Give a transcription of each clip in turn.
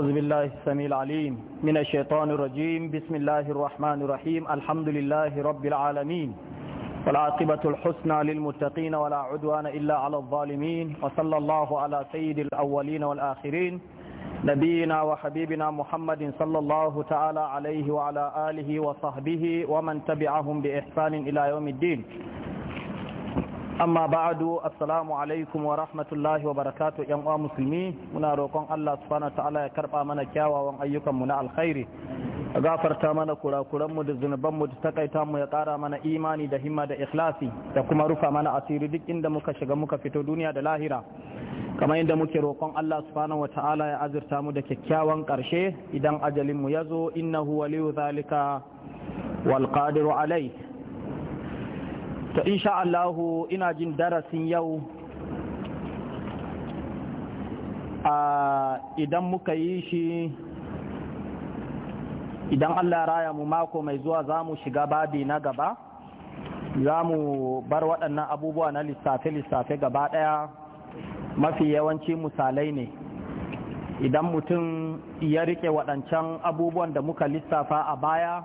أعوذ بالله السميع العليم من الشيطان الرجيم بسم الله الرحمن الرحيم الحمد لله رب العالمين والعاقبة الحسنى للمتقين ولا عدوان إلا على الظالمين وصلى الله على سيد الأولين والآخرين نبينا وحبيبنا محمد صلى الله تعالى عليه وعلى آله وصحبه ومن تبعهم بإحسان إلى يوم الدين amma ba'adu assalamu alaikum wa rahmatullahi wa barakatu yan uwa musulmi muna roƙon Allah subhanahu ta'ala ya karba mana kyawawan ayyukan mu na alkhairi gafarta mana kurakuran mu da zunuban mu da takaita mu ya ƙara mana imani da himma da ikhlasi da kuma rufa mana asiri duk inda muka shiga muka fito duniya da lahira kamar yadda muke roƙon Allah subhanahu wa ta'ala ya azurta mu da kyakkyawan ƙarshe idan ajalin mu ya zo innahu waliyu zalika wal qadiru alayhi to insha Allahu ina jin darasin yau idan muka yi shi idan Allah raya mu mako mai zuwa za mu shiga babi na gaba za mu bar waɗannan abubuwa na lissafe-lissafe gaba ɗaya mafi yawanci misalai ne idan mutum ya rike waɗancan abubuwan da muka lissafa a baya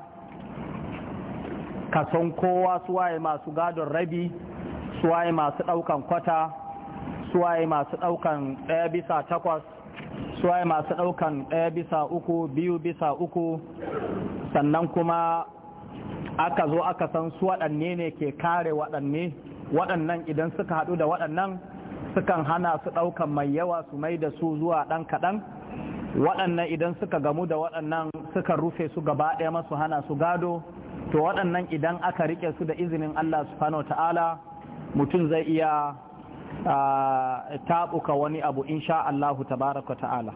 Ka san kowa suwaye masu gadon rabi suwaye masu ɗaukan kwata suwaye masu ɗaukan ɗaya bisa takwas suwaye masu ɗaukan ɗaya bisa uku biyu bisa uku sannan kuma aka zo aka san su waɗanne ne ke kare waɗanne waɗannan idan suka haɗu da waɗannan sukan hana su ɗaukan mai yawa su mai da su zuwa ɗan kaɗan waɗannan idan suka gamu da waɗannan suka rufe su gaba ɗaya masu hana su gado to waɗannan idan aka riƙe su da izinin Allah subhanahu ta'ala mutum zai iya taɓuka wani abu insha Allahu tabaraka ta'ala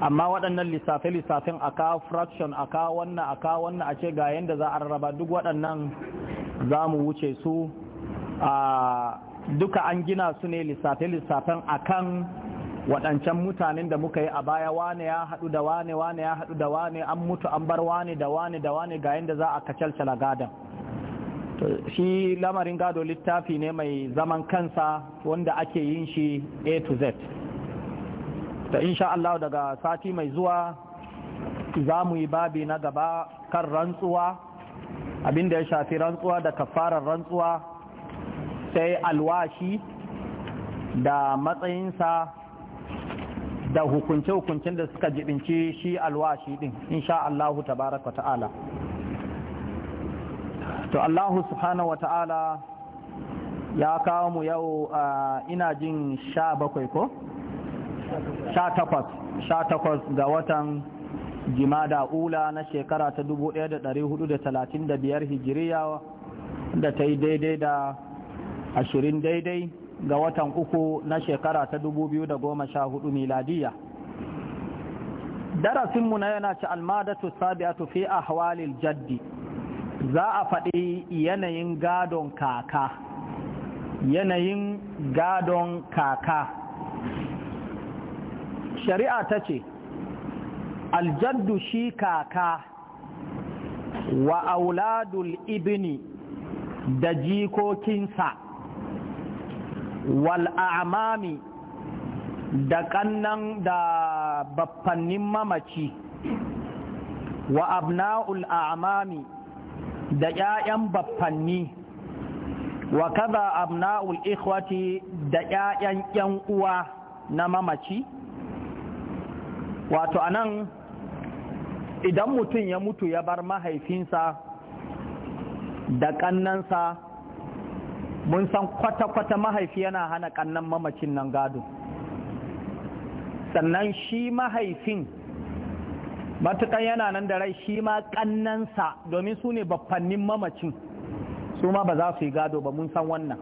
amma waɗannan lissafe-lissafen a kawo fraction a kawo wannan a kawo wannan a ce ga yadda za a rarraba duk waɗannan za mu wuce su duka an gina su ne lissafe-lissafen kan. waɗancan mutanen da muka yi a baya wane ya haɗu da wane wane ya haɗu da wane an mutu an bar wane da wane da wane ga yadda za a cala gadon shi lamarin gado littafi ne mai zaman kansa wanda ake yin shi a to z da insha Allah daga sati mai zuwa za mu yi babi na gaba kan rantsuwa abinda ya shafi rantsuwa da kafarar rantsuwa sai alwashi da matsayinsa da hukunce-hukuncen da suka jibinci shi alwashi din insha Allahu tabaraka ta'ala to Allahu subhanahu wa ta'ala ya kawo mu yau ina jin sha bakwai ko? sha takwas takwas ga watan jimada ula na shekara ta 1435 hijiriya da ta yi daidai da ashirin daidai ga watan uku na shekara ta dubu biyu da goma sha 2014 miladiya darasinmu na yana ci almadatu sabi'atu a ahwalil jaddi za a faɗi yanayin gadon kaka yanayin gadon kaka shari'a ta ce aljaddu shi kaka wa auladul ibni da jikokinsa wal a'mami da kannan da baffannin mamaci wa abna'ul a'mami da ƴaƴan baffanni wa kaza abna'ul ikhwati da ƴaƴan ƴan uwa na mamaci wato anan idan mutum ya mutu ya bar mahaifinsa da kannansa mun san kwata-kwata mahaifi yana hana kannan mamacin nan gado sannan shi mahaifin matukan yana nan da rai shi ma kannansa domin su ne baffannin mamacin su ma ba za su yi gado ba mun san wannan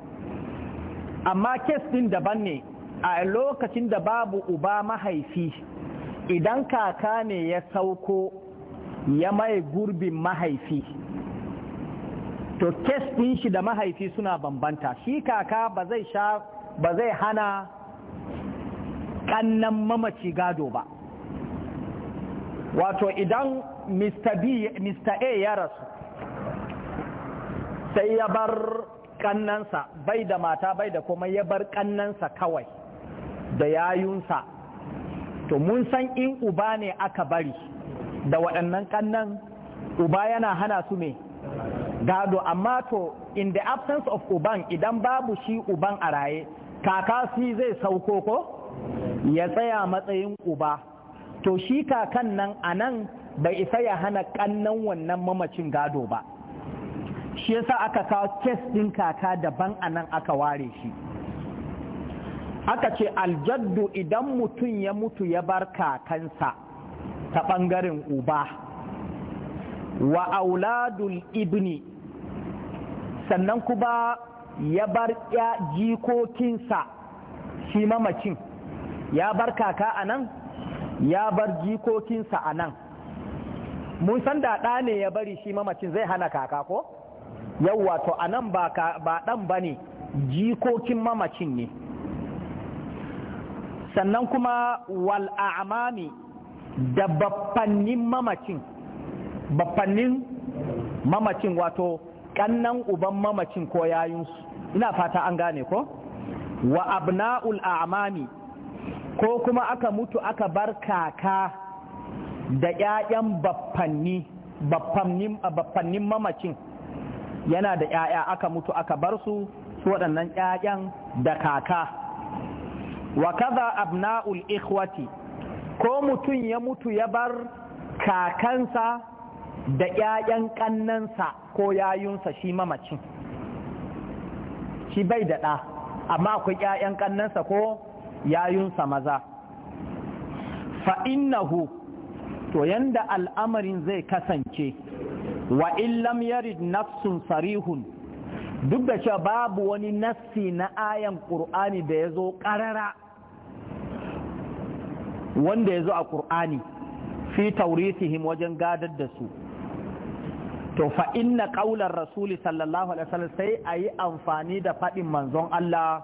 amma kes din daban ne a lokacin da babu uba mahaifi idan kaka ne ya sauko ya mai gurbin mahaifi to kes ɗin shi da mahaifi suna bambanta shi kaka ba zai sha ba hana ƙannan mamaci gado ba wato idan mr, B, mr. a ya rasu sai ya bar ƙannansa bai da mata bai da kuma ya bar ƙannansa kawai da yayunsa to mun san in uba ne aka bari da waɗannan ƙannan uba yana hana su mai gado amma to in the absence of uban idan babu shi uban a raye kaka shi zai sauko ko ya tsaya matsayin uba to shi kakan nan a nan bai isa ya hana kannan wannan mamacin gado ba shi yasa aka kawo kes din kaka daban a nan aka ware shi aka ce aljaddu idan mutum ya mutu ya bar kakansa ta ɓangaren uba wa auladul ibni sannan kuma ya bar ya jikokinsa shi mamacin ya bar kaka a nan ya bar jikokinsa a nan mun san da ɗa ne ya bari shi mamacin zai hana kaka ko yawwa to a nan ba ɗan ba ne jikokin mamacin ne sannan kuma wal'amami da babbannin mamacin bafannin mamacin wato kannan uban mamacin ko yayinsu ina fata an gane ko wa abna'ul a'mami ko kuma aka mutu aka bar kaka da ƴaƴan baffanni baffannin mamacin yana da ƴaƴa aka mutu aka bar su su waɗannan ƴaƴan da kaka wa kaza abna'ul ikhwati ko mutum ya mutu ya bar kakansa da ‘ya'yan ƙannansa ko yayunsa shi mamacin shi bai da ɗa amma akwai ‘ya'yan ƙannansa ko yayunsa maza fa'innahu to yanda al'amarin zai kasance wa illam yarid nafsun sarihun duk da cewa babu wani nassi na ayan ƙur'ani da ya zo ƙarara wanda ya zo a ƙur'ani fi taurisihim wajen gadar da su to fa inna qaular rasuli sallallahu alaihi wasallam sai ayi amfani da faɗin manzon Allah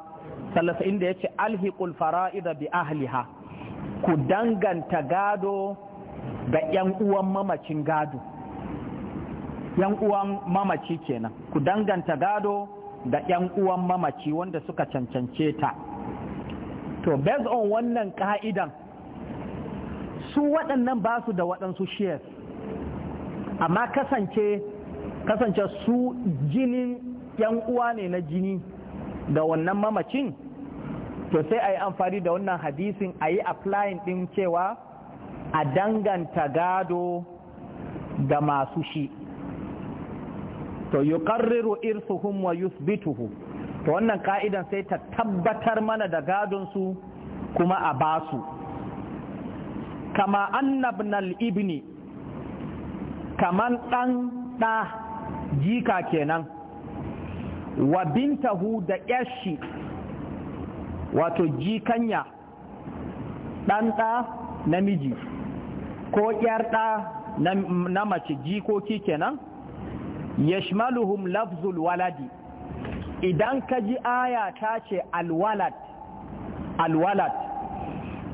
sallallahu inda yace alhiqul fara'id bi ahliha ku danganta gado ga yan uwan mamacin gado yan uwan mamaci kenan ku danganta gado da yan uwan mamaci wanda suka cancance ta to based on wannan ka'idan su waɗannan ba su da waɗansu shares amma kasance kasance su jinin yan uwa ne na jini da wannan mamacin to sai a yi amfani da wannan hadisin a yi applying din cewa a danganta gado da masu shi to yuqarriru irsuhum wa yuthbituhu to wannan ka'idan sai ta tabbatar mana da gadon su kuma a basu kama annabnal ibni kaman ɗan ɗa jika kenan wa bintahu da yashi wato jikanya ɗan ɗa namiji ko ƴar ɗa na mace jikoki kenan yashmaluhum lafzul waladi idan ka ji aya ta ce alwalad alwalad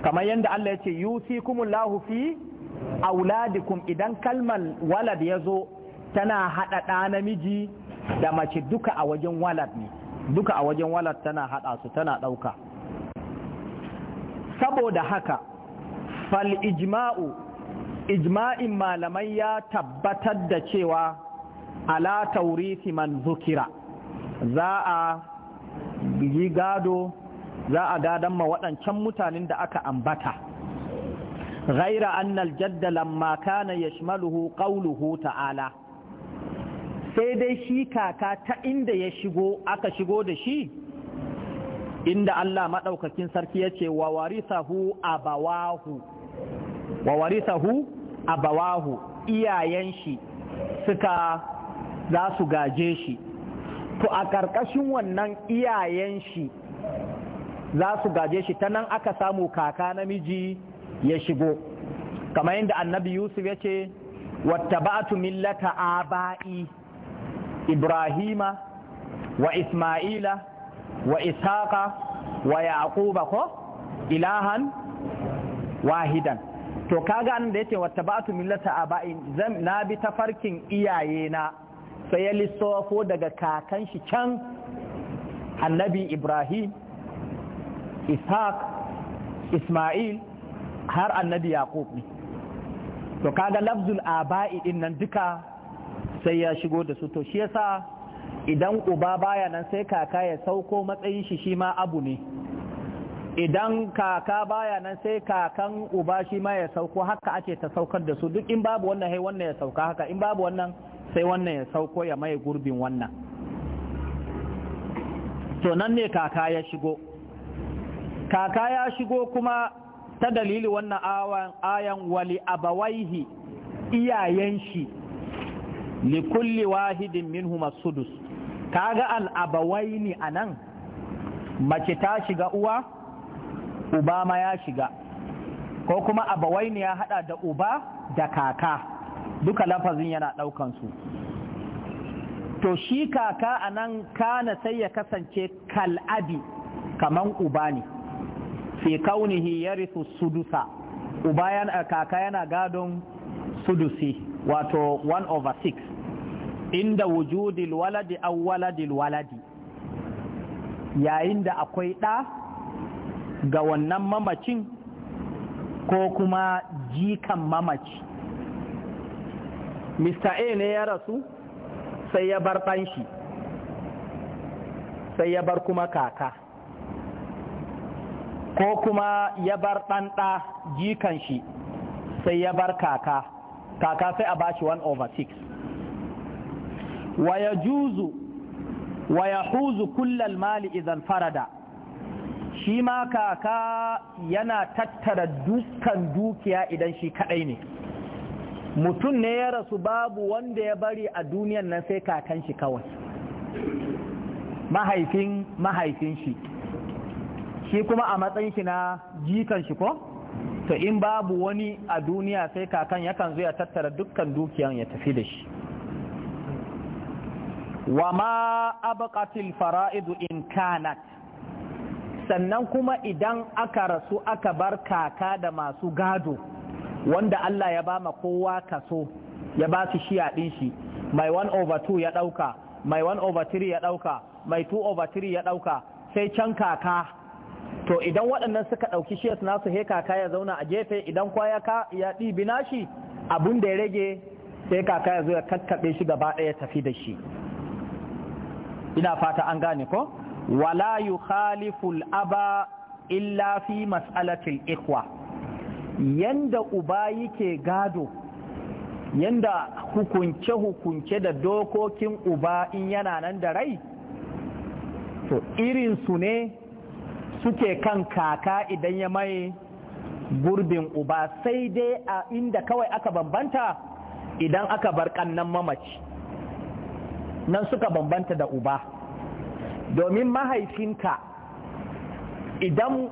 kamar yadda Allah ya ce yusikumullahu fi auladikum idan kalmar walad ya zo tana haɗa ɗa namiji da mace duka a wajen walad ne duka a wajen walad tana haɗa su tana ɗauka saboda haka fal ijma'u ijma'in malamai ya tabbatar da cewa ala taurisi man zukira za a yi gado za a gadon ma waɗancan mutanen da aka ambata غير أن الجد لما كان يشمله قوله ta'ala. sai dai shi kaka ta inda ya shigo aka shigo da shi inda Allah maɗaukakin sarki ya ce wa warisahu abawahu wa warisahu abawahu iyayen shi suka za su gaje shi to a ƙarƙashin wannan iyayen shi za su gaje shi ta nan aka samu kaka namiji ya shigo kamar yadda annabi yusuf ya ce wattaba'atu millata aba'i ibrahima wa isma'ila wa ishaqa wa yaquba ko ilahan wahidan to kaga an da yace wattaba'atu millata aba'i zan na bi tafarkin iyaye na sai ya lissafo daga kakan shi can annabi ibrahim ishaq isma'il har annabi yaqub ne to kaga lafzul aba'i din nan duka sai ya shigo da su to shi yasa idan uba baya nan sai kaka ya sauko matsayin shi shi ma abu ne idan kaka baya nan sai kakan uba shi ma ya sauko haka ake ta saukar da su duk in babu wannan sai wannan ya sauka haka in babu wannan sai wannan ya sauko ya maye gurbin wannan to nan ne kaka ya shigo kaka ya shigo kuma ta dalili wannan ayan wali abawaihi iyayen shi li kulli wahidin minhuma sudus kaga al abawaini anan mace ta shiga uwa uba ma ya shiga ko kuma abawaini ya hada da uba da kaka duka lafazin yana daukan su to shi kaka anan kana sai ya kasance kal'abi kaman uba ne fi kaunihi yarithu sudusa uba yana kaka yana gadon sudusi wato 1 over 6 inda wujudil waladi au waladil waladi yayin da akwai ɗa ga wannan mamacin ko kuma jikan mamaci Mr. A ne ya rasu sai ya bar ɗanshi sai ya bar kuma kaka ko kuma ya bar ɗanɗa jikan shi sai ya bar kaka kaka sai a bashi 1 over 6 waya juzu waya huzu kullal mali idan farada shi ma kaka yana tattara dukkan dukiya idan shi kaɗai ne mutum ne ya rasu babu wanda ya bari a duniyan nan sai kakan shi kawai mahaifin mahaifin shi shi kuma a matsayin shi na jikan shi ko to in babu wani a duniya sai kakan yakan zo ya tattara dukkan dukiyan ya tafi da shi wa ma abqatil fara'idu in kanat sannan kuma idan aka rasu aka bar kaka da masu gado wanda Allah ya ba ma kowa kaso ya ba su shi din shi mai 1 over 2 ya ɗauka mai 1 over 3 ya ɗauka mai 2 over 3 ya ɗauka sai can kaka to idan waɗannan suka ɗauki shares nasu he kaka ya zauna a gefe idan kwa ya ɗibi nashi abun da ya rage sai kaka ya zo ya kakkaɓe shi gaba ɗaya tafi da shi ina fata an gane ko wala yukhaliful aba illa fi mas'alatil ikhwa yanda uba yake gado yanda hukunce hukunce da dokokin uba in yana nan da rai to irin su ne suke kan kaka idan ya mai gurbin uba sai dai a inda kawai aka bambanta idan aka bar kannan mamaci nan suka bambanta da uba domin mahaifinka idan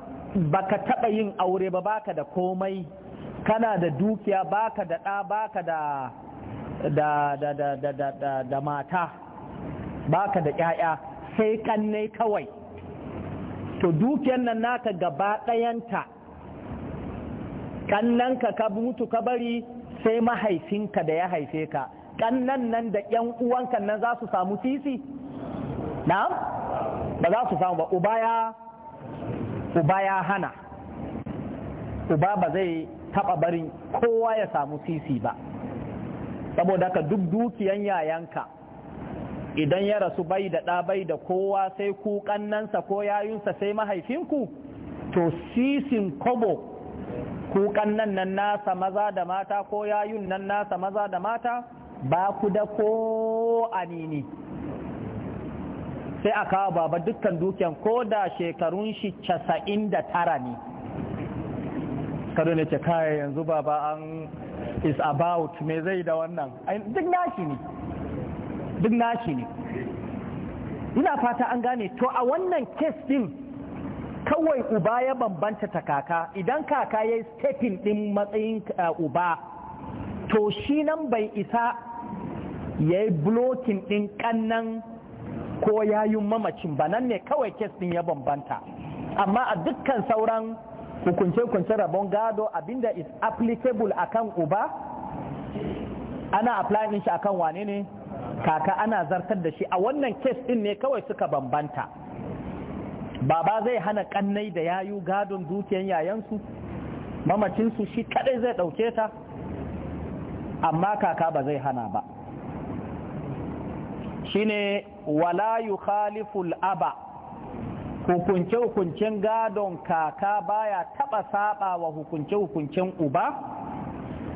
baka taɓa yin aure ba baka da komai kana da dukiya baka da ɗa baka da da da da da da mata baka da ƴaƴa sai kannai kawai to dukiyar nan naka gaba ɗayanta kannanka ka mutu ka bari sai mahaifinka da ya haife ka kannan nan da yan uwanka nan za su samu sisi Na, ba za su samu ba uba ya hana uba ba zai taba barin kowa ya samu sisi ba saboda ka duk dukiyan yayanka idan ya rasu bai da ɗa bai da kowa sai ku ƙannansa ko yayunsa sai mahaifinku to sisin kobo ku ƙannan nan nasa maza da mata ko yayun nan nasa maza da mata ba ku da ko anini sai a kawo baba dukkan dukiyan ko da shekarun shi casa'in da tara ne Kada ne ce kayayyanzu yanzu baba an is about me zai da wannan duk nashi ne duk nashi ne ina fata an gane to a wannan kes din kawai uba ya bambanta ta kaka idan kaka ya yi stepin din matsayin uh, uba to shi nan bai isa ya yi blokin din kannan ko yayin mamacin ba nan ne kawai kes din ya bambanta amma a dukkan sauran hukunce-hukunce rabon gado abinda is applicable akan uba ana applying shi akan wane ne kaka ana zartar da shi a wannan kes din ne kawai suka bambanta baba zai hana kannai da yayu gadon dukiyan yayansu mamacinsu shi kadai zai dauke ta amma kaka ba zai hana ba shine wala yukhaliful aba hukunce-hukuncen gadon kaka baya taba saba wa hukunce-hukuncen uba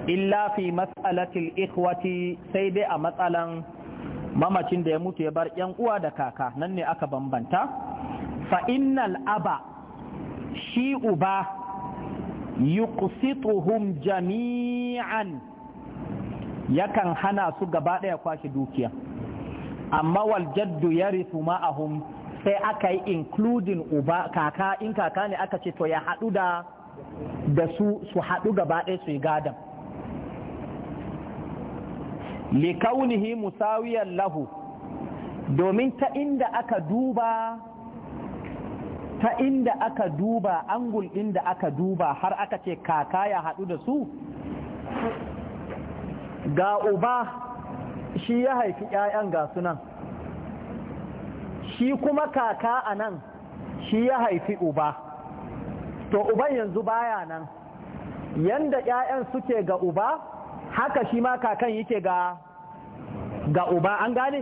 illa fi mas'alatil ikhwati sai dai a matsalan mamacin da ya mutu ya bar yan uwa da kaka nan ne aka bambanta fa innal aba shi uba yuqsituhum jami'an yakan hana su gaba ɗaya kwashi dukiya amma wal jaddu yarithu ma'ahum sai aka yi including uba kaka in kaka ne aka ce to ya haɗu da su su haɗu gaba ɗaya su yi gadan likaunihi musawiyan lahu domin ta inda aka duba ta inda aka duba angul ɗin aka duba har aka ce kaka ya haɗu da su ga uba shi ya haifi 'ya'yan ga sunan shi kuma kaka a nan shi ya haifi uba to uban yanzu baya nan yanda 'ya'yan suke ga uba haka shi ma kakan yake ga ga uba an gane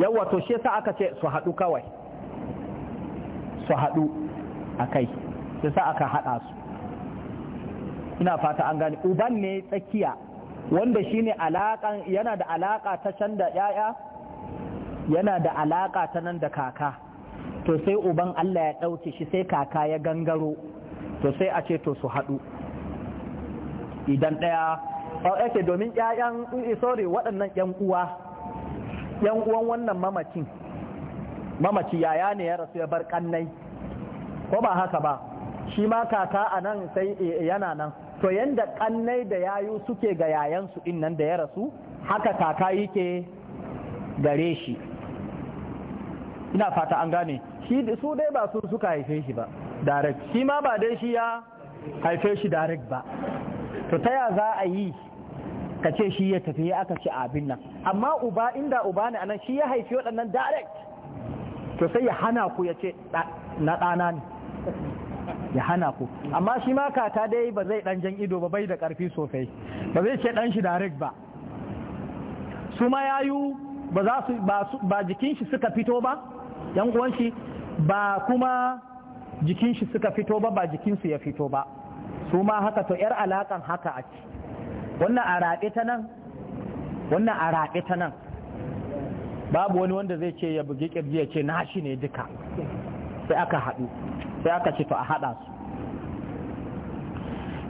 yawa to shi sa aka ce su haɗu kawai su haɗu a kai shi sa aka haɗa su ina fata an gane uban ne tsakiya wanda shi ne yana da alaƙa ta can da ‘ya'ya yana da alaƙa ta nan da kaka to sai uban Allah ya ɗauke shi sai kaka ya gangaro to sai a ce to su haɗu idan ɗaya ake domin ƴaƴan sorry waɗannan ƴan uwa ƴan uwan wannan mamacin mamaci yaya ne ya rasu ya bar kannai ko ba haka ba shi ma kaka a nan sai e, e, yana nan to yanda kannai da yayu suke ga yayansu din nan da ya rasu haka kaka yake gare shi ina fata an gane shi su dai ba su suka haife shi ba direct shi ma ba dai shi ya haife shi direct ba to ta ya za a yi ka ce shi ya tafi ya aka ce abin nan amma uba inda uba ne anan shi ya haifi waɗannan direct to sai ya hana ku ya ce na ɗana ne ya hana ku amma shi ma kata dai ba zai ɗan jan ido ba bai da ƙarfi sosai ba zai ce ɗan shi direct ba su ma ya ba za ba jikin shi suka fito ba yan uwan shi ba kuma jikin shi suka fito ba ba jikinsu ya fito ba su ma haka to ‘yar alaƙan haka a ci wannan a raɓe ta nan wannan a raɓe ta nan babu wani wanda zai ce ya bugi ƙirji ya ce nashi ne duka sai aka haɗu sai aka ce to a haɗa su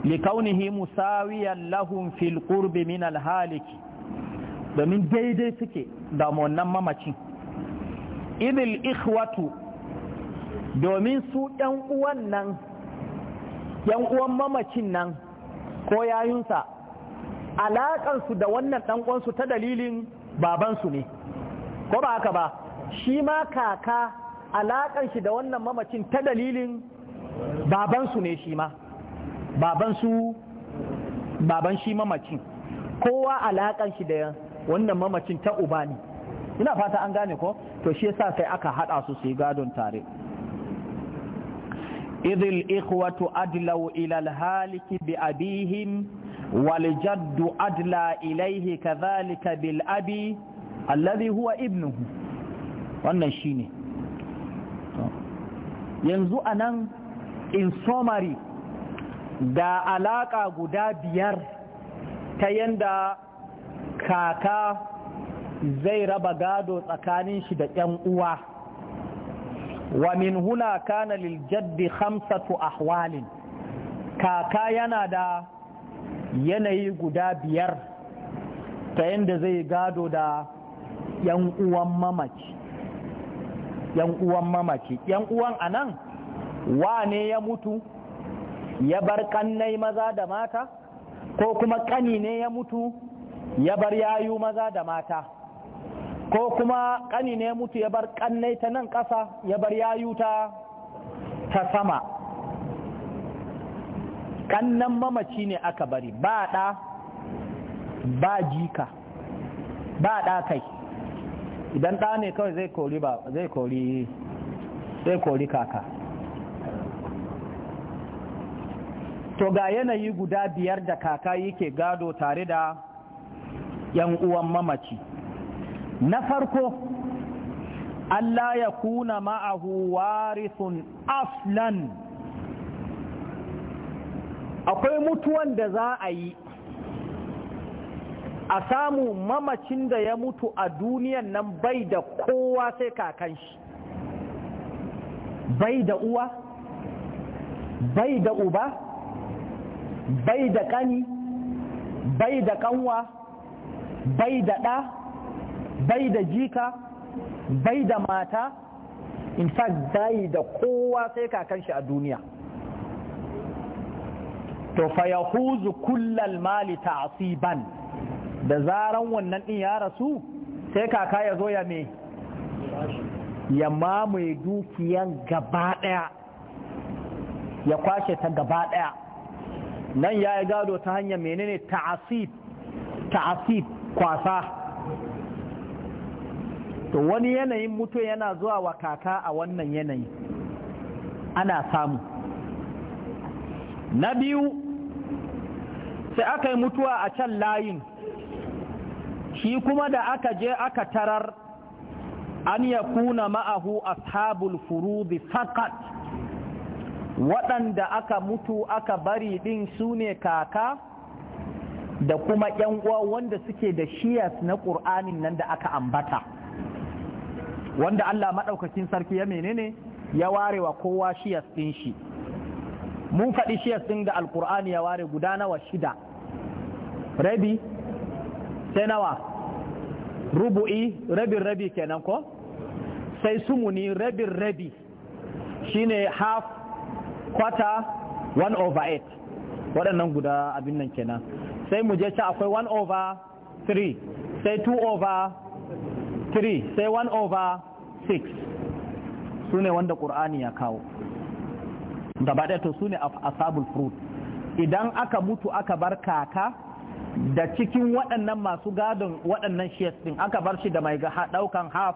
likaunihi musawiyar lahun fil qurbi min alhaliki domin daidai suke da wannan mamacin idil ikhwatu domin su ɗan uwan nan yan uwan mamacin nan ko yayunsa alaƙarsu da wannan ɗanƙonsu ta dalilin babansu ne ko ba haka ba shi ma kaka alaƙar shi da wannan mamacin ta dalilin babansu ne shi ma babansu baban shi mamacin kowa alaƙar shi da wannan mamacin ta uba ne ina fata an gane ko to shi yasa sai aka haɗa su su yi gadon tare إذ الإخوة أدلوا إلى الهالك بأبيهم والجد أدلى إليه كذلك بالأبي الذي هو ابنه wannan shi yanzu a nan in summary da alaƙa guda biyar ta yadda kaka zai raba gado tsakanin shi da 'yan uwa wa min huna kana lil jaddi khamsatu ahwalin kaka yana da yanayi guda biyar ta yadda zai gado da yan uwan mamaci yan uwan mamaci yan uwan anan wane ya mutu ya bar kannai maza da mata ko kuma ƙani ne ya mutu ya bar yayu maza da mata ko kuma ƙani ne mutu ya bar ƙannai ta nan ƙasa ya bar yayu ta ta sama ƙannan mamaci ne aka bari ba ɗa ba jika ba ɗa kai idan ɗa ne kawai zai kori ba zai kori zai kori kaka to ga yanayi guda biyar da kaka yake gado tare da yan uwan mamaci na farko Allah ya kuna ma'ahu warithun aflan akwai mutuwan da za a yi a samu mamacin da ya mutu a duniyan nan bai da kowa sai kakan shi bai da uwa bai da uba bai da kani bai da kanwa bai da ɗa bai da jika bai da mata in fact bai da kowa sai kakan shi a duniya to fa yahuzu kullal mali ta'siban da zaran wannan din ya rasu sai kaka ya zo ya me ya mamaye dukiyan gaba daya ya kwashe ta gaba daya nan ya yi gado ta hanyar menene ta'asib ta'asib kwasa to wani yanayin mutu yana zuwa wa kaka a wannan yanayi ana samu na biyu sai aka yi mutuwa a can layin shi kuma da aka je aka tarar an ya kuna ma'ahu ashabul furudi fakat waɗanda aka mutu aka bari ɗin su ne kaka da kuma uwa wanda suke da shiyas na ƙur'anin nan da aka ambata wanda Allah maɗaukakin sarki ya menene ya ware wa kowa shiyas ɗin shi mun faɗi shiyas ɗin da alkur'ani ya ware guda nawa shida rabi sai nawa rubu'i rabin rabi kenan ko sai sumuni rabin rabi shine half quarter one over eight waɗannan guda abin nan kenan sai mu je ci akwai one over three sai two over three sai one over 6 su ne wanda ƙur'ani ya kawo gaba ɗaya to su ne asabul fruit idan aka mutu aka bar kaka da cikin waɗannan masu gadon waɗannan shares ɗin aka bar shi da mai ɗaukan half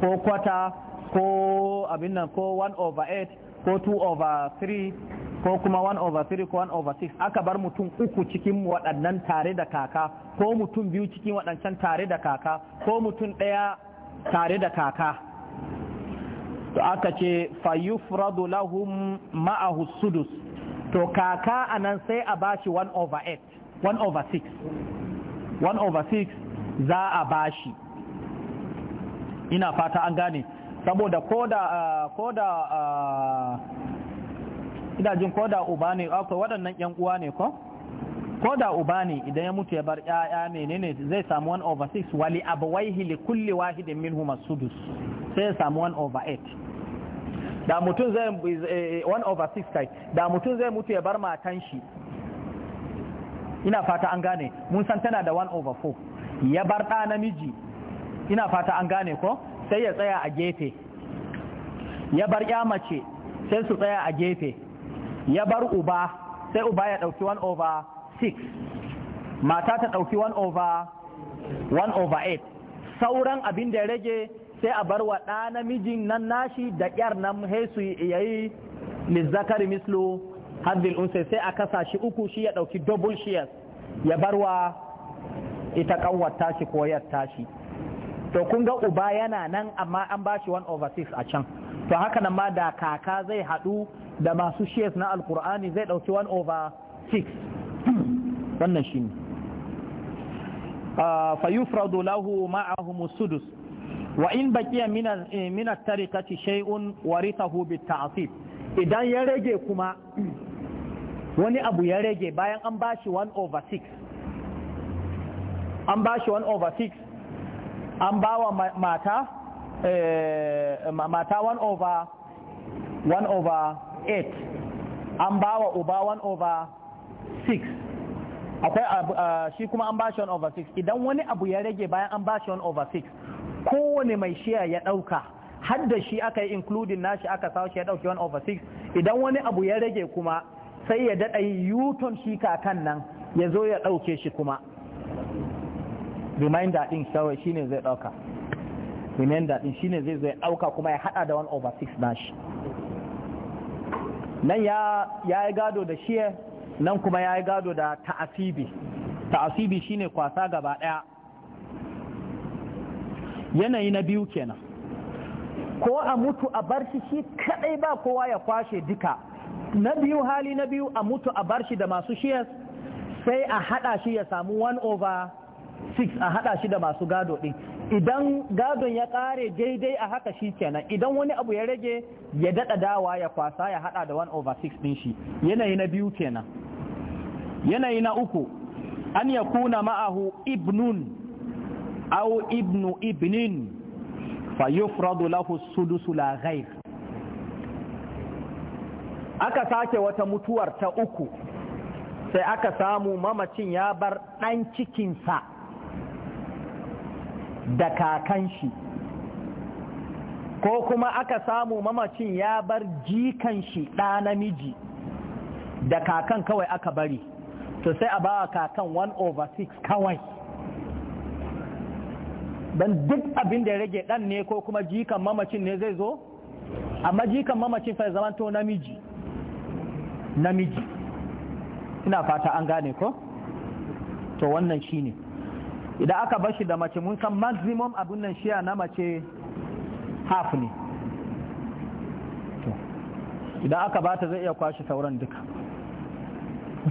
ko kwata ko abin nan ko 1 over 8 ko 2 over 3 ko kuma 1 over 3 ko 1 over 6 aka bar mutum uku cikin waɗannan tare da kaka ko mutum biyu cikin waɗancan tare da kaka ko mutum ɗaya tare da kaka to aka ce fayufradu lahum ma'ahu sudus to kaka anan sai a bashi 1 over 8 1 over 6 1 over 6 za a bashi ina fata an gane saboda koda uh, koda uh, ina jin koda uba ne akwai waɗannan yan uwa ne ko koda uba ne idan ya mutu ya bar ƴaƴa menene zai samu 1 over 6 wali abawaihi li kulli wahidin minhum as-sudus sai ya samu 1 over 8 da mutum zai eh, one over six kai da mutum zai mutu ya bar matan shi ina fata an gane mun san tana da one over four ya bar ɗa namiji ina fata an gane ko sai ya tsaya a gefe ya bar ya mace sai su tsaya a gefe ya bar uba sai uba ya ɗauki one over six mata ta ɗauki one over one over eight sauran abin da ya rage sai a bar wa ɗa namijin nan nashi da ƙyar nan haisu ya yi mislo mislu haddil sai a kasa shi uku shi ya ɗauki double shares ya bar wa ita ƙanwar tashi ko yar tashi to kun ga uba yana nan amma an ba shi over six a can to haka nan ma da kaka zai haɗu da masu shares na alkur'ani zai ɗauki one over six wannan shi ne ah, fayufradu lahu ma'ahumus sudus wa in baqiya min at-tariqati shay'un warithahu bit-ta'sib idan ya kuma wani abu bayan an 1 over 6 an 1 over 6 an bawa mata 1 over 1 over 8 an bawa uba 1 over 6 akwai shi kuma an bashi 1 over 6 idan wani abu ya rage bayan an bashi 1 over 6 kowane mai shiya ya ɗauka har da shi aka yi including nashi aka sa shi ya ɗauki 1 over 6 idan wani abu ya rage kuma sai ya daɗa yi yuton shi kakan nan ya zo ya ɗauke shi kuma reminder ɗin shi ne zai ɗauka remainder shi ne zai zo ya ɗauka, kuma ya haɗa da 1 over 6 nashi nan ya ya gado da shi nan kuma ya gado da ta'asibi ta'asibi shine kwasa gaba ɗaya. yanayi na biyu kenan ko a mutu a bar shi shi kadai ba kowa ya kwashe duka na biyu hali na biyu a mutu a bar shi da masu shiyas sai a hada shi ya samu 1 over 6 a hada shi da masu gado din idan gadon ya kare daidai a haka shi kenan idan wani abu ya rage ya dada dawa ya kwasa ya hada da 1 over 6 din shi yanayi na biyu kenan yanayi na uku an yakuna ma'ahu ibnun aw ibnu ibnin fa yufradu lahu sudusu la aka sake wata mutuwar ta uku sai aka samu mamacin ya bar ɗan cikinsa da kakan ko kuma aka samu mamacin ya bar jikan shi da namiji da kakan kawai aka bari to sai a ba kakan 1 over 6 kawai dan duk abin da ya rage dan ne ko kuma jikan mamacin ne zai zo amma jikan mamacin fa zaman to namiji namiji ina fata an gane ko to wannan shine idan aka bashi da mace mun san maximum abin nan shiya na mace half ne idan aka bata zai iya kwashe sauran duka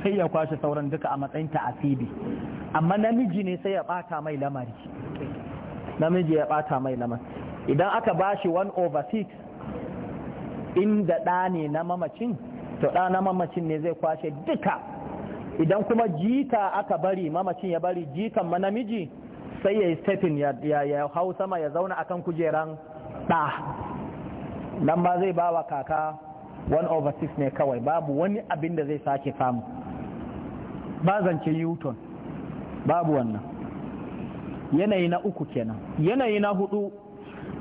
zai iya kwashe sauran duka a matsayin ta asibi amma namiji ne sai ya bata mai lamari namiji ya bata mai naman idan aka bashi 1 over 6 inda ɗa ne na mamacin to ɗa na mamacin ne zai kwashe duka idan kuma jita aka bari mamacin ya bari jikan ma namiji sai ya yi stepin ya hau sama ya zauna akan kujeran ɗa nan ma zai bawa kaka 1 over 6 ne kawai babu wani abin da zai sake samu ba zance yuton babu wannan yanayi na uku kenan yanayi na hudu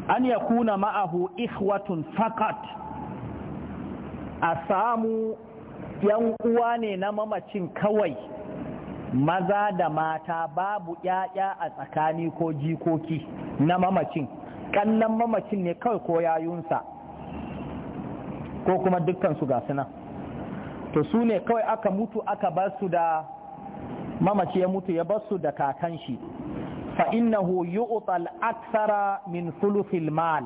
an ya kuna ma'ahu ikhwatun fakat a samu yan uwa ne na mamacin kawai maza da mata babu ‘ya'ya a tsakani ko jikoki na mamacin kannan mamacin ne kawai ko yayunsa ko kuma dukkansu ga suna to su ne kawai aka mutu aka basu da mamaci ya mutu ya basu da kakan shi fa innahu yu'usal akthara min thuluthil mal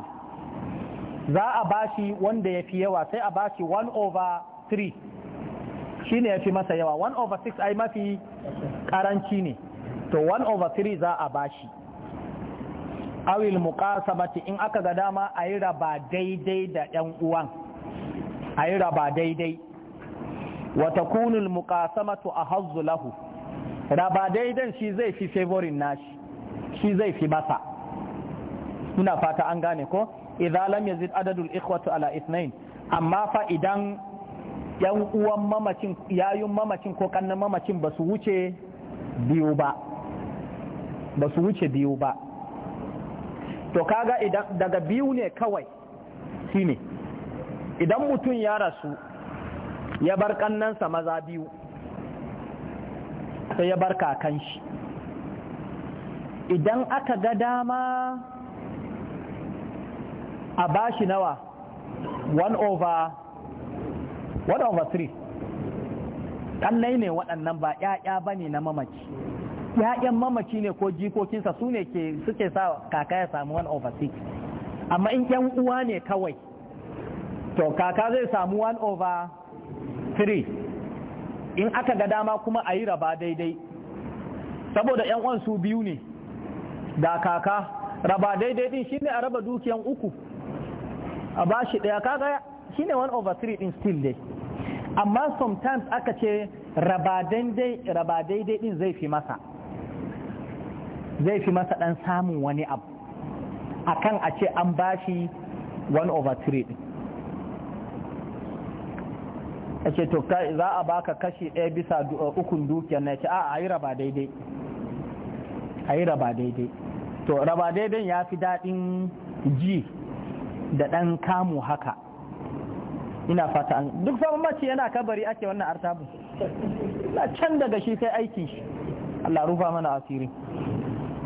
za a bashi wanda yafi yawa sai a bashi 1 over 3 ya yafi masa yawa 1 over 6 ai mafi karanci ne to 1 over 3 za a bashi awil mace in aka ga dama a yi raba daidai da yan uwan a yi raba daidai wata kunul muqasamatu a lahu raba daidan shi zai fi favorin nashi shi zai fi masa ina fata an gane ko idza lam yazid adadul ikhwatu ala ithnain amma fa idan yan uwan mamacin yayin mamacin ko kannan mamacin ba su wuce biyu ba ba su wuce biyu ba to kaga idan daga biyu ne kawai shine idan mutum ya rasu ya bar kannansa maza biyu sai ya bar kakan shi idan aka ga dama a ba shi nawa 1 over 1 over 3 ɗannai ne waɗannan ba ‘ya'ya ba ne na mamaci ‘ya'yan mamaci ne ko jikokinsa su ne suke sa kaka ya samu 1 over 6 amma in ‘yan uwa ne kawai to kaka zai samu 1 over 3 in aka ga dama kuma a yi raba daidai saboda ‘yan uwan su biyu ne da kaka raba daidai din shine a raba dukiyan uku a bashi daya kaga shine 1 over 3 din still dai amma sometimes aka ce raba daidai din zai fi masa zai fi masa dan samun wani abu akan a ce an bashi 1 over 3 din a ce to za a baka kashi ɗaya bisa ukun dukiyar na ce a a yi raba daidai a yi raba daidai to raba daidan ya fi daɗin ji da ɗan kamu haka ina fata an duk sabon mace yana kabari ake wannan artabu na can daga shi sai aiki shi Allah rufa mana asiri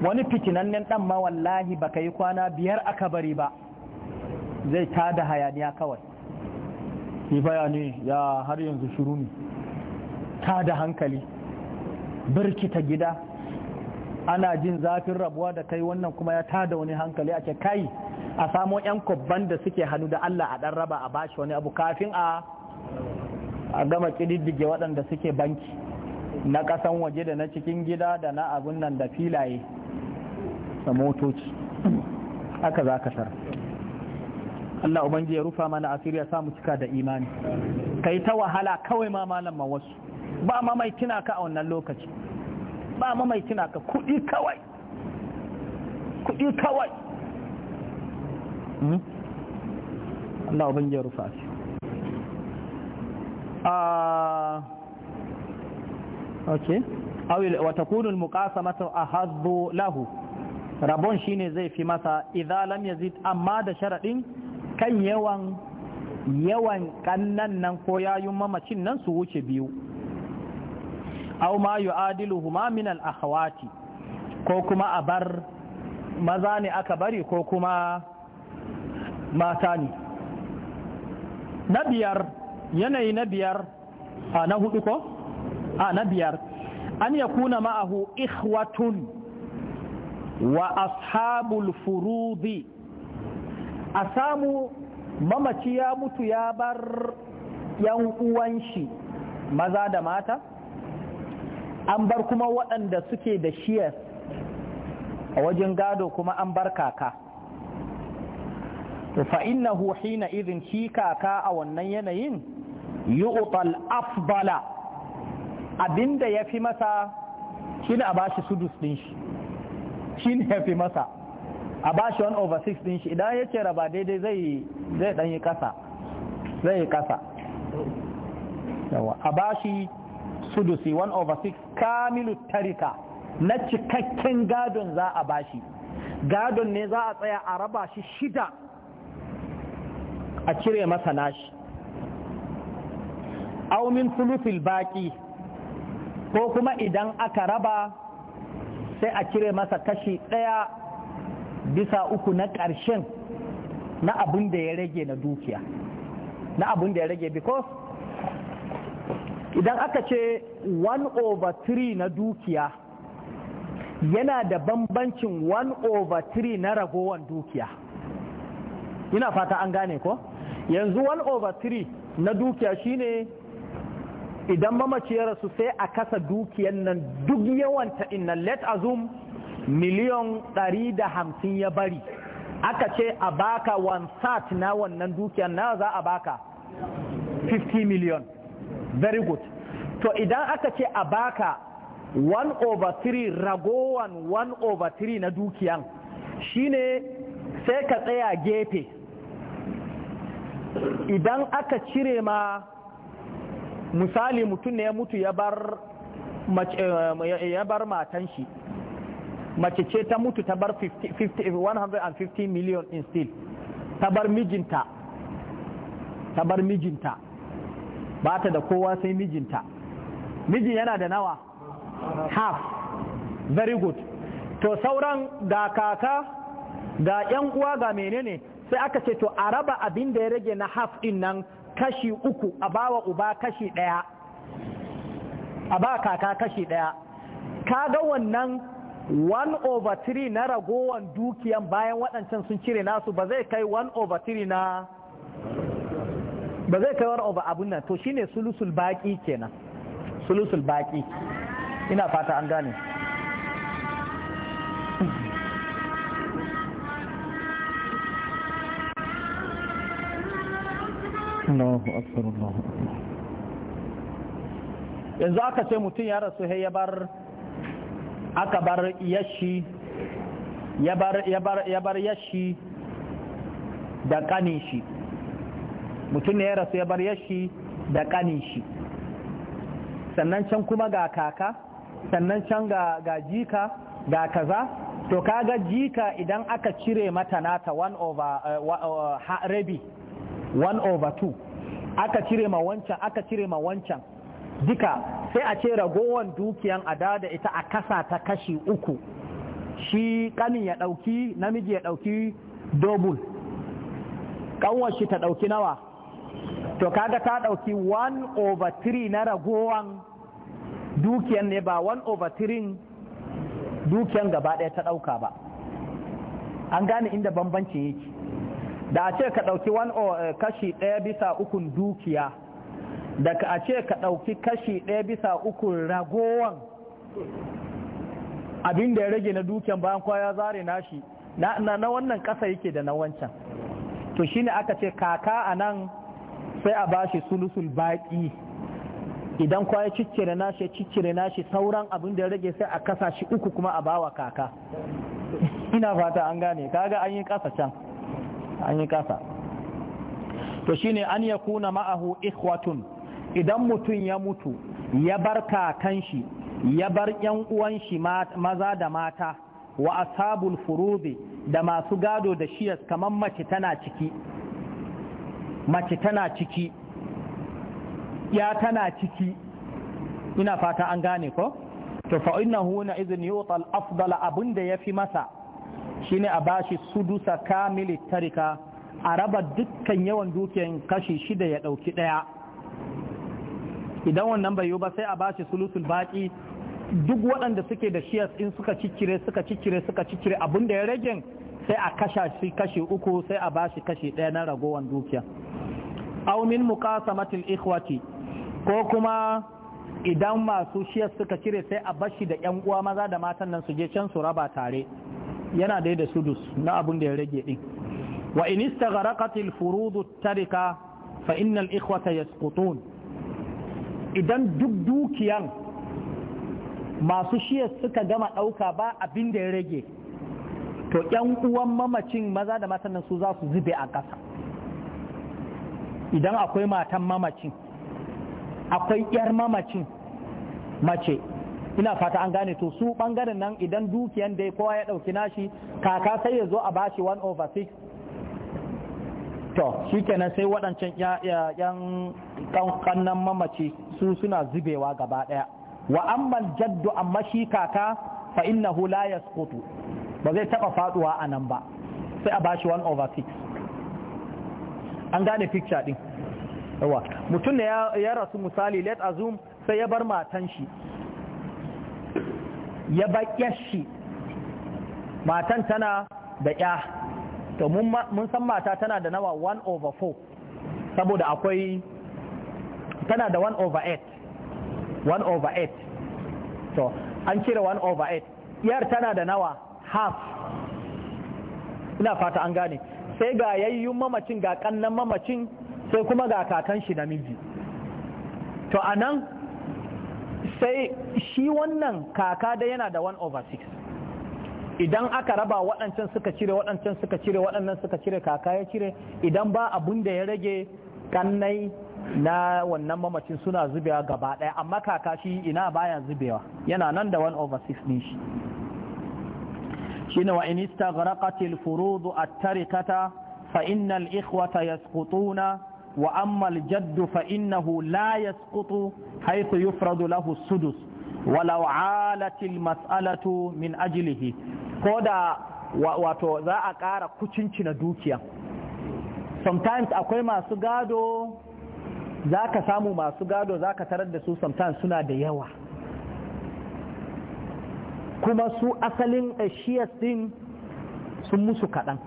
wani fitinannen ɗan ma wallahi baka yi kwana biyar aka bari ba zai ta da hayaniya kawai yi bayani ya har yanzu shuru ne da hankali birkita gida ana jin zafin rabuwa da kai wannan kuma ya tada wani hankali a ce kai a samo yan kubban da suke hannu da Allah a dan raba a bashi wani abu kafin a gama kididdige waɗanda suke banki na ƙasan waje da na cikin gida da na abun nan da filaye da motoci Aka za ka tara Allah Ubangiji ya rufa mana asiri ya samu cika da imani kai ta wahala kawai ma malam wasu ba ma mai kina ka a wannan lokaci ba mu mai tuna ka kudi kawai kudi kawai hmm? Allah ban ya rufa shi awil ah, wata kunul mukasa mata a hazo lahu rabon shine zai fi masa idza lam yazid amma da sharaɗin kan yawan yawan kannan nan ko yayun mamacin nan su wuce biyu aw ma yu'adiluhuma min al akhawati ko kuma a bar maza ne aka bari ko kuma mata ne na biyar yanayi na biyar a na hudu ko a na biyar an ya kuna ma'ahu ikhwatun wa ashabul furudi a samu mamaci ya mutu ya bar yan uwan shi maza da mata an bar kuma waɗanda suke da shiyas a wajen gado kuma an bar kaka fa innahu hina idin shi kaka a wannan yanayin yu'tal afdala abinda yafi masa shine a bashi sudus din shi shine yafi masa a bashi 1 over 6 din shi idan yace raba daidai zai zai dan yi kasa zai yi kasa yawa a bashi sudusi 1 over 6 kamilu tarika na cikakken gadon za a bashi gadon ne za a tsaya a raba shi shida a cire masa nashi aumin sulufil baki ko kuma idan aka raba sai a cire masa kashi ɗaya bisa uku na karshen na abin da ya rage na dukiya na abin da ya rage because idan aka ce 1 over 3 na dukiya yana da bambancin 1 over 3 na ragowar dukiya ina fata an gane ko yanzu 1 over 3 na dukiya shine idan mamaci ya rasu sai a kasa dukiyan nan duk yawanta inna let azum miliyan 150 ya bari aka ce a baka 1 sat na wannan dukiyan na za a baka 50 miliyan very good to idan aka ce a baka 1 over 3 ragowan 1 over 3 na dukiyan shine sai ka tsaya gefe idan aka cire ma misali mutum ne ya mutu ya bar eh, yabar matan shi mace ce ta mutu ta bar 150 million in still ta bar mijinta ta bar mijinta ba ta da kowa sai mijinta mijin yana da nawa half very good to sauran ga kaka ga yan uwa ga menene sai aka ce to a raba abin da ya rage na half din nan kashi uku a bawa uba kashi daya a ba kaka kashi daya kaga wannan 1 over 3 na ragowan dukiyan bayan waɗancan sun cire nasu ba zai kai 1 over 3 na ba zai kai wara'u ba abun nan to shine sulusul baki kenan sulusul baki ina fata an gane yanzu aka ce mutum ya rasu ya bar aka bar yashi ya bar yashi da kanin shi mutum ne ya rasu ya bar yashi da ƙanin shi sannan can kuma ga kaka sannan can ga jika ga kaza to kaga jika idan aka cire mata nata 1 over eh, eh, rabi 1 over 2 aka cire ma wancan aka cire ma wancan duka sai a ce ragowan dukiyan a da ita a kasa ta kashi uku shi kanin ya ɗauki namiji ya ɗauki dobul, kanwar shi ta ɗauki nawa to kaga ta ɗauki 1 over 3 na ragowan dukiyan ne ba 1 over 3 dukiyan gaba ɗaya ta ɗauka ba an gane inda bambancin yake da a ce ka ɗauki eh, kashi ɗaya bisa ukun dukiya da a ce ka ɗauki kashi ɗaya bisa ukun ragowan abin da ya rage na dukiyan bayan kwa ya zare nashi na wannan ƙasa yake da na wancan to shine aka ce kaka a nan sai a bashi sulusul baƙi idan kwaya ciccire nashi ciccire nashi sauran abin da ya rage sai a kasa shi uku kuma a bawa kaka ina fata an gane kaga an yi kasa can an yi kasa to shine an ya kuna ma'ahu ikhwatun idan mutum ya mutu ya bar kakan shi ya bar yan uwan shi maza da mata wa asabul furudi da masu gado da shiyas kamar mace tana ciki mace tana ciki ya tana ciki ina fata an gane ko to fa innahu na izin yuta al abun da yafi masa shine a bashi sudusa kamili tarika a raba dukkan yawan dukiyan kashi shida ya dauki daya idan wannan bai yiwu ba sai a bashi sulusul baki duk waɗanda suke da shiyas in suka cikire, suka cikire, suka cikire abun da ya rage sai a kasha shi kashi uku sai a bashi kashi ɗaya na ragowar dukiya aumin min ikwati ko kuma idan masu shiyar suka cire sai a bashi da yan uwa maza da matan nan su je can su raba tare yana dai da sudus na abin da ya rage din wa in istagharaqatil furudu tarika fa ikwata ikhwata yasqutun idan duk dukiyan masu shiyar suka gama dauka ba abin da ya rage to yan uwan mamacin maza da matan nan su za su zube a ƙasa idan akwai matan mamacin akwai yar mamacin mace ina fata an gane to su bangaren nan idan dukiyan dai kowa ya ɗauki nashi kaka sai ya zo a bashi 1 over 6 to shi kenan sai waɗancan yan kannan mamaci su suna zubewa gaba ɗaya wa jaddu amma shi kaka fa innahu la yasqutu ba zai taba faduwa a nan ba sai a bashi 1 over 6 an gane picture din yawa mutum ne ya rasu misali let azum sai ya bar matan shi ya baƙyar shi matan tana da ƴa to mun san mata tana da nawa 1 over 4 saboda akwai tana da 1 over 8 1 over 8 to an cire 1 over 8 yar tana da nawa half ina fata an gane sai ga yayyun mamacin ga kannan mamacin sai kuma ga kakan shi namiji to a nan sai shi wannan kaka da yana da 1 over 6 idan aka raba waɗancan suka cire waɗancan suka cire waɗannan suka cire kaka ya cire idan ba abun da ya rage kannai na wannan mamacin suna zubewa gaba ɗaya amma kaka shi ina baya zubewa yana nan da 1 over 6 ne shi shine wa in istaghraqatil furudu a tarikata fa innal ikhwata yasqutuna wa amma al-jadd fa innahu la yasqutu haythu yufradu lahu sudus walau alatil mas'alatu min ajlihi koda wato za a ƙara kucincina dukiya sometimes akwai masu gado za ka samu masu gado za ka tarar da su sometimes suna da yawa kuma su asalin eh, shiyas din sun musu kaɗan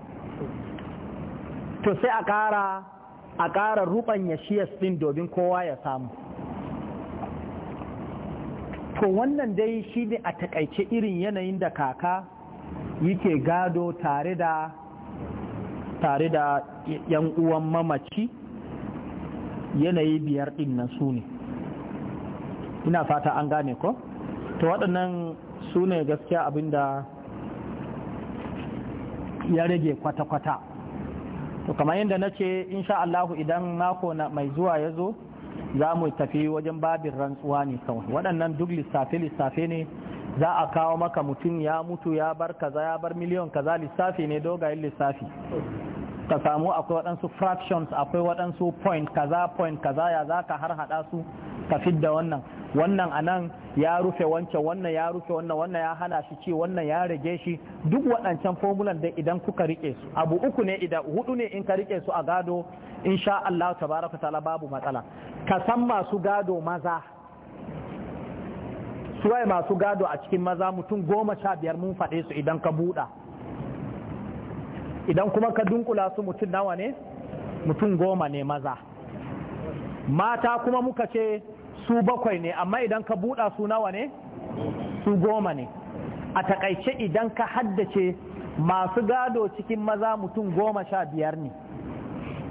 to sai a ƙara a ƙara ruɓanya shiyas din domin kowa ya samu to wannan dai shi ne a taƙaice irin yanayin da kaka yake gado tare da tare da yan uwan mamaci yanayi biyar ɗin na su ne ina fata an gane ko to waɗannan su ne gaskiya abinda ya rage kwata-kwata to kamar yadda na ce insha idan mako mai zuwa ya zo za mu tafi wajen babin rantsuwa ne kawai waɗannan duk lissafe-lissafe ne za a kawo maka mutum ya mutu ya bar kaza ya bar miliyon kaza lissafi ne dogayen lissafi ka samu akwai waɗansu fractions akwai waɗansu point kaza point kaza ya za ka har haɗa su ka fidda wannan wannan anan ya rufe wancan wannan ya rufe wannan wannan ya hana shi ci wannan ya rage shi duk waɗancan formulan da idan kuka rike su abu uku ne idan hudu ne in ka rike su a gado insha Allah tabaraka ta'ala babu matsala ka san masu gado maza suwaye masu gado a cikin maza mutum goma sha biyar mun faɗe su idan ka buɗa idan kuma ka dunkula su mutum nawa ne mutum goma ne maza mata kuma muka ce su bakwai ne amma idan ka buɗa su nawa ne su goma ne a takaice idan ka haddace masu gado cikin maza mutum goma sha biyar ne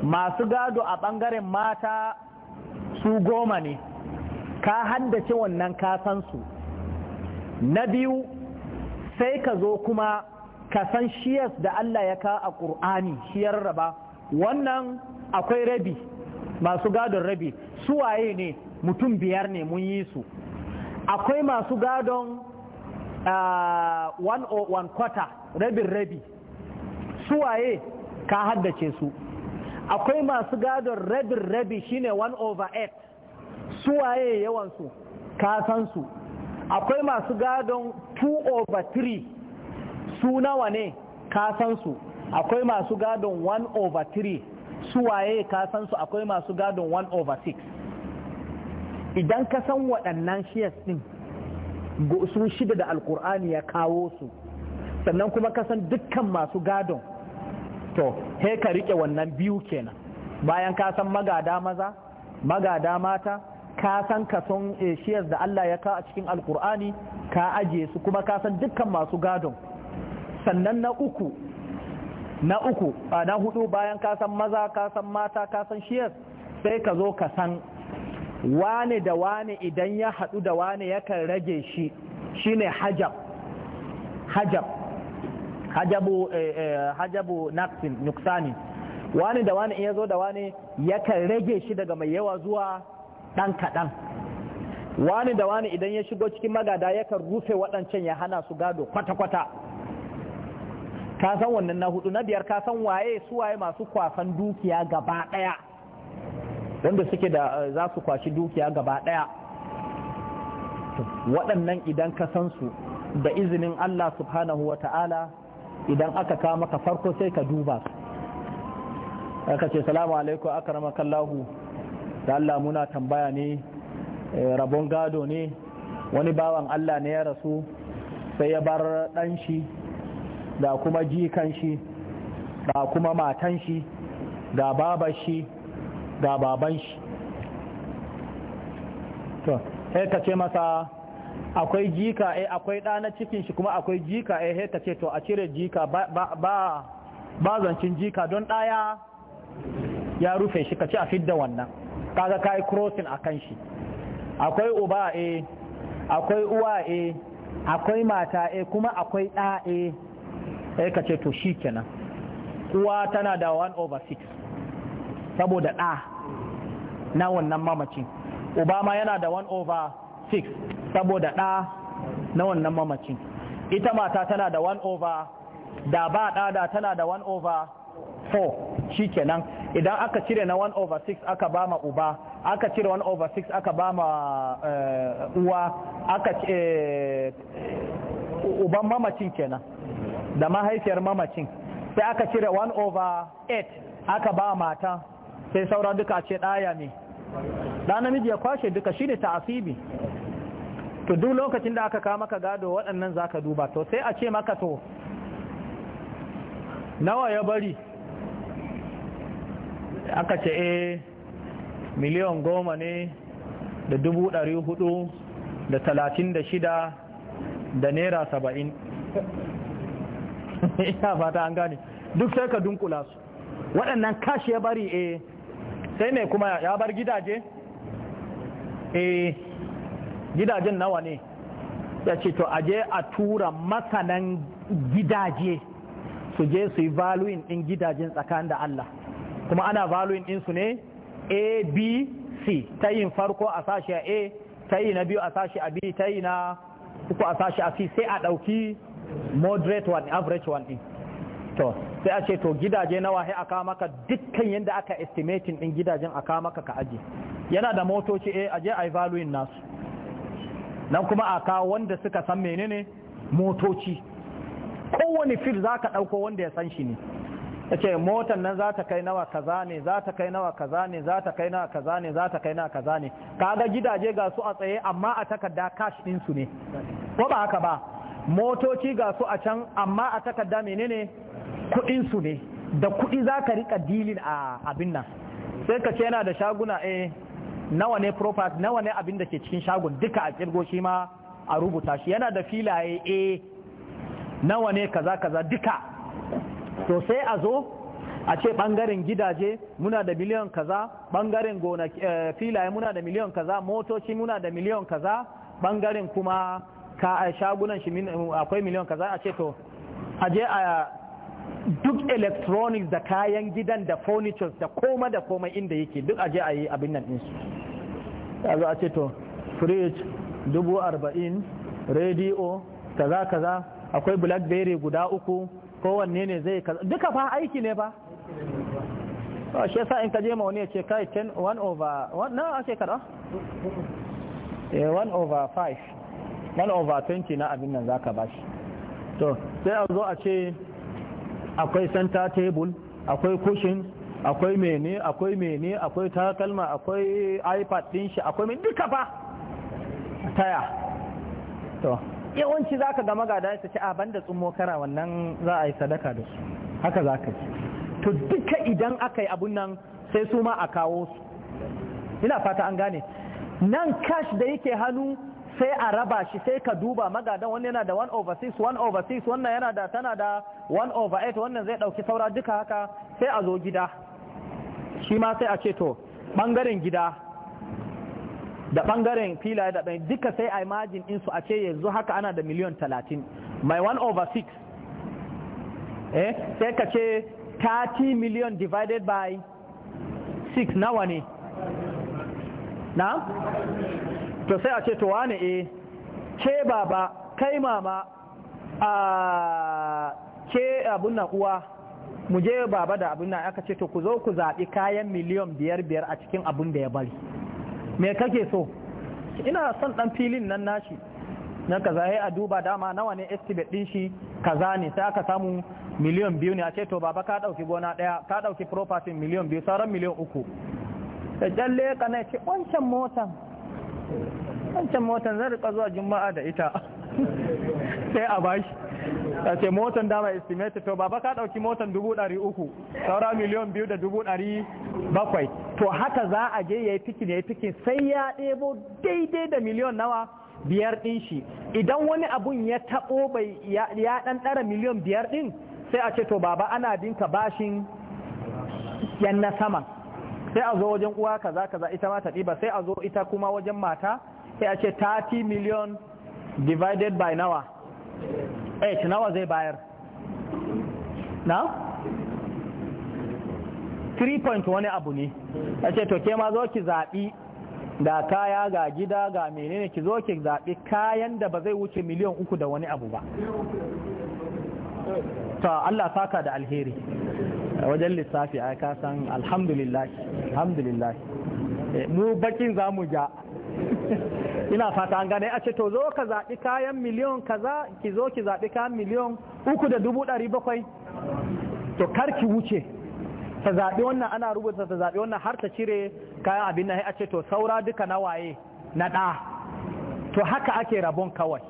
masu gado a ɓangaren mata su goma ne ka haddace wannan kasansu na biyu sai ka zo kuma ka san shiyas da Allah ya ka a ƙur'ani shiyar raba wannan akwai rabi masu gadon rabi su waye ne mutum biyar ne mun yi su akwai masu gadon ah, oh one quarter rabin rabi suwaye ka haddace su akwai masu gadon rabin rabi shine one over eight suwaye yawansu ka san su akwai masu gadon two over three su nawa ne ka san su akwai masu gadon one over three suwaye ka san su akwai masu gadon one over six idan ka san waɗannan shiyas ɗin su shida da alkur'ani ya kawo su sannan kuma ka san dukkan masu gadon to he ka riƙe wannan biyu kenan bayan ka san magada maza magada mata ka san son eh, shiyas da Allah ya kawo a cikin alkur'ani ka ajiye su kuma ka san dukkan masu gadon sannan na uku na uku na hudu bayan ka san maza ka san mata ka san shiyas sai ka zo ka san wane da wane idan ya haɗu da wane yakan rage shi shi ne hajab hajab hajabu eh, eh, hajabu naksin nuksani wani da wani in ya zo da wani yakan rage shi daga mai yawa zuwa ɗan kaɗan wani da wani idan ya shigo cikin magada yakan rufe waɗancan ya hana su gado kwata-kwata ka san wannan na hudu na biyar ka san waye su waye masu kwasan dukiya gaba ɗaya wanda suke da eh, za su kwashi dukiya gaba ɗaya waɗannan idan ka san su da izinin Allah subhanahu wa ta'ala idan aka kawo maka farko sai ka duba aka ce salamu alaikum aka rama kallahu da Allah muna tambaya ne eh, rabon gado ne wani bawan Allah ne ya rasu sai ya bar ɗan shi da kuma jikan shi da kuma matan shi da babar shi Da baban shi to sai ka ce masa akwai jika eh akwai ɗa na cikin shi kuma akwai jika eh sai ka ce to a cire jika ba ba ba zancin jika don ɗaya ya rufe shi ka ce a fidda wannan kaga kai crossing akan shi akwai uba eh akwai uwa eh akwai mata eh kuma akwai da eh sai ka ce to shikenan uwa tana da 1 over 6 saboda ɗa na wannan mamaci uba ma yana da 1 over 6 saboda ɗa na wannan mamaci ita mata tana da 1 over da ba ɗa da tana da 1 over 4 shi kenan idan aka cire na 1 over 6 aka ba ma uba aka cire 1 over 6 aka ba ma eh, uwa aka eh, uban mamacin kenan da mahaifiyar mamacin sai aka cire 1 over 8 aka ba mata sai saura duka ce ɗaya ne da namiji ya kwashe duka shi ne ta'asibi to duk lokacin da aka kawo maka gado waɗannan za ka duba to sai a ce maka to nawa ya bari aka ce eh miliyan goma ne da dubu ɗari hudu da talatin da shida da naira saba'in ina fata an gane duk sai ka dunkula su waɗannan kashi ya bari eh sai mai kuma ya bar gidaje gidajen nawa ne ya ce to aje a tura masanan gidaje su je su yi valuin din gidajen tsakanin da Allah kuma ana din ɗinsu ne a b c ta yin farko a sashi a a ta yi na biyu a sashi a b ta yi na uku a sashi a c sai a ɗauki moderate one average one ɗin to sai a ce to gidaje nawa sai aka maka dukkan yanda aka estimating din gidajen aka maka ka aje yana da motoci eh aje ai valuing nasu nan kuma aka wanda suka san menene motoci kowane fil zaka ka ɗauko wanda ya san shi ne ya ce motan nan za ta kai nawa kaza ne za ta kai nawa kaza ne za ta kai nawa kaza ne za ta kai nawa kaza ne kaga gidaje ga su a tsaye amma a takarda cash su ne ko ba haka ba motoci ga su a can amma a takarda menene kuɗinsu ne da kuɗi za ka riƙa dilin a abin nan sai ka ce yana da shaguna eh nawa ne property nawa ne abin da ke cikin shagon duka a kirgo shi ma a rubuta shi yana da filaye eh nawa ne kaza kaza duka to sai a zo a ce bangaren gidaje muna da miliyan kaza bangaren gona eh, filaye muna da miliyan kaza motoci muna da miliyan kaza bangaren kuma ka shagunan shi akwai miliyan kaza a ce to a je a duk electronics da kayan gidan da furniture da koma da koma inda yake duk aje a yi abin nan ɗinsu ta zo a ce to fridge dubu arba'in rediyo kaza kaza akwai blackberry guda uku kowanne ne zai kaza duka fa aiki ne ba shi yasa in kaje ma wani ya ce kai 10 1 over 1 na ce kada 1 over 5 1 over 20 na abin nan zaka bashi to sai a zo a ce akwai center table akwai kushin, akwai mene akwai mene akwai takalma akwai ipad din shi akwai mai duka ba taya to yawanci zaka ga magada su ci a banda tsummo kara wannan za a yi sadaka da su haka zaka ci to duka idan aka yi abun nan sai su ma a kawo su ina fata an gane nan cash da yake hannu sai a raba shi sai ka duba magadan wani yana da 1 over 6 1 over 6 wannan yana da tana da 1 over 8 wannan zai dauki saura duka haka sai a zo gida shi ma sai a ce to bangaren gida da bangaren filaye da bai duka sai a imagine insu a ce yanzu haka ana da miliyan 30 mai 1 over 6 eh sai ka ce 30 million divided by 6 nawa ne na to sai a ce to wane e ke baba kai mama a ke abun na uwa mu je baba da abun na aka ce to ku zo ku zaɓi kayan miliyan biyar biyar a cikin abun da ya bari me kake so ina son ɗan filin nan nashi na kaza ya a duba dama nawa ne estimate din shi kaza ne sai aka samu miliyan biyu ne a ce to baba ka dauki gona daya ka dauki property miliyan biyu sauran miliyan uku da jalle kana ce wancan motan wancan motan zan rika zuwa juma'a da ita sai a bashi a ce motan dama estimated to baba ka dauki motan dubu dari uku saura miliyan biyu da dubu dari bakwai to haka za a je ya yi fikin ya yi fikin sai ya ɗebo daidai da miliyan nawa biyar ɗin shi idan wani abun ya taɓo bai ya ɗan ɗara miliyan biyar ɗin sai a ce to baba ana dinka bashin yan na saman sai a zo wajen uwa kaza kaza ita ma ta diba sai a zo ita kuma wajen mata sai a ce 30 million divided by nawa 8 nawa zai bayar na 3 point wani abu ne a ce to ke ma zo ki zaɓi da kaya ga gida ga menene ki zo ki zaɓi kayan da ba zai wuce miliyan uku da wani abu ba ta Allah saka da alheri wajen lissafi a kasan san alhamdulillah alhamdulillah eh, mu bakin za mu ja ina fata an gane a ce to zo ka zaɓi kayan miliyon kaza ki zo ki zaɓi kayan miliyon uku da dubu ɗari bakwai to kar ki wuce ta zaɓi wannan ana rubuta ta zaɓi wannan har ta cire kayan abin nan a ce to saura duka na waye na ɗa to haka ake rabon kawai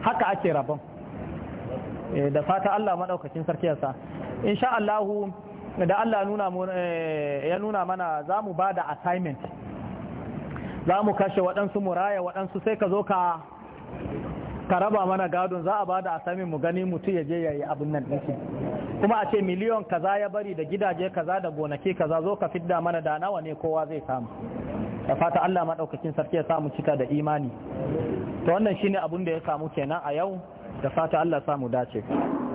haka ake rabon Eh, da fata Allah maɗaukacin sarkiyarsa insha Allahu da Allah eh, ya nuna mana za mu ba da assignment za mu kashe waɗansu muraya waɗansu sai ka zo ka karaba raba mana gadon za a ba da assignment mu gani mutum ya je ya yi abin nan ɗinki kuma a ce miliyon kaza ya bari da gidaje kaza da gonaki kaza zo ka fidda mana da nawa ne kowa zai samu da fata Allah maɗaukacin sarki ya samu cika da imani to wannan shine abin da ya samu kenan a yau da fata Allah samu dace